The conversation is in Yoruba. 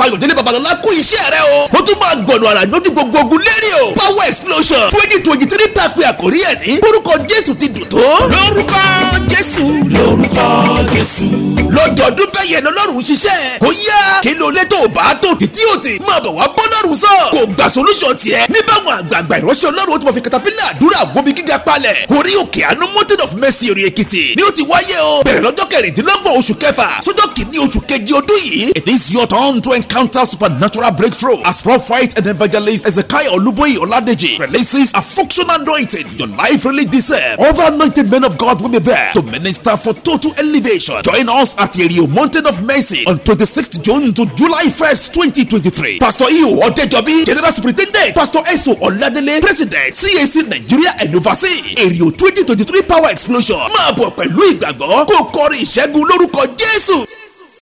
fayọ̀ délé babalọ́lá kú iṣẹ́ rẹ o ó tún máa gbọ̀nù àrà lójú gbogbo ogun lérí o power explosion twenty twenty three tá a pe àkórí ẹ̀ ní orúkọ jésù ti dùn tó lórúkọ jésù. lọ́dọọdún bẹ́ẹ̀ yẹn lọ́lọ́run ṣiṣẹ́ ó yá kí ló lé tó bá tó títí òtì máa bọ̀ wá bọ́ lọ́rùn sọ kò gba solution tiẹ̀ ní báwọn àgbààgbà ìránṣẹ́ ọlọ́run ó ti mọ̀ fi katapila àdúrà wọbi gíga palẹ̀ orí òkè àánú mountain of mercy èrè èkìtì ni ó ti wáyé o bẹ̀rẹ̀ lọ́jọ́ kẹrìndínlọ́gbọ̀n oṣù kẹfà sọ́jọ́ kìíní oṣù kejì ọdún yìí it is your turn to encounter supernatural breakthrough as prophet and evangelist Ezekiah Oluboyi Oladeji releases a functional anointing your life really deserve other anointed men of God will be there to minister for total elevation congregation. Join us at Yerio Mountain of Mercy on 26th June to July 1st, 2023. Pastor Iu Odejobi, General Superintendent. Pastor Eso Oladele, President, CAC Nigeria and oversee. Yerio 2023 Power Explosion. Máa bọ̀ pẹ̀lú ìgbàgbọ́ kó kọrin ìṣẹ́gun lórúkọ Jésù.